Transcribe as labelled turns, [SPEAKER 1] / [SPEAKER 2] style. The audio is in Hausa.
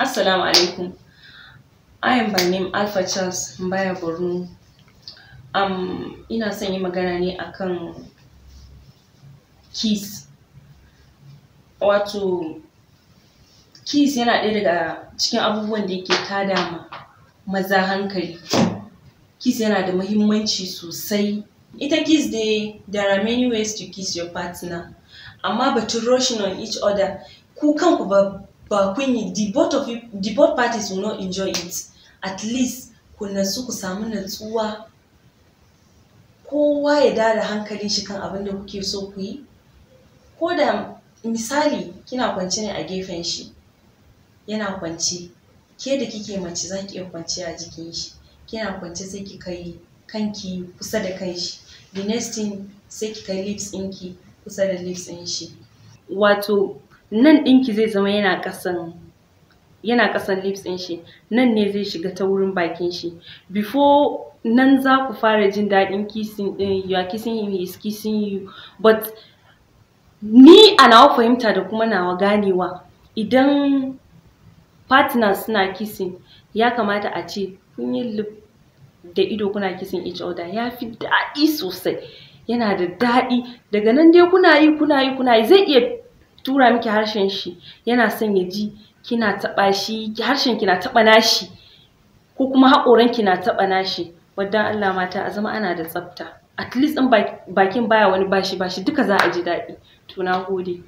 [SPEAKER 1] Assalamu alaikum. I am by name Alpha Charles Mbaya Borno. Um, ina son yi magana ne akan kiss. Wato, kiss yana ɗaya daga cikin abubuwan da yake tada ma maza hankali. Kiss yana da muhimmanci sosai. Ita kiss dai, there are many ways to kiss your partner. Amma batun rushing on each other, ku kanku ba ba kun yi the both of you, the both parties will not enjoy it at least ku natsu ku samu natsuwa kowa ya dada hankalin shi kan abin da kuke so ku yi ko da misali kina kwance ne a gefen shi yana kwance ke da kike mace za ki iya kwance a jikin shi kina kwance sai ki kai kanki kusa da kan shi the next thing sai ki kai lips ɗinki kusa da lips ɗin shi wato nan ɗinki zai zama yana ƙasan yana ƙasan lips ɗin shi nan ne zai shiga ta wurin bakin shi before nan za ku fara jin daɗin kissing ɗin eh, you are kissing him is kissing you but ni a nawa fahimta da kuma nawa ganewa idan partner suna kissing ya kamata a ce kun yi lip da ido kuna kissing each other ya fi daɗi sosai yana da daɗi daga nan dai kuna yi kuna yi kuna yi zai iya tura miki harshen shi yana son ya ji kina taɓa shi harshen ki na taɓa nashi ko kuma haƙoran kina na taɓa nashi wadda Allah mata a zama ana da tsafta at least in bakin baya wani bashi bashi duka za a ji daɗi to na gode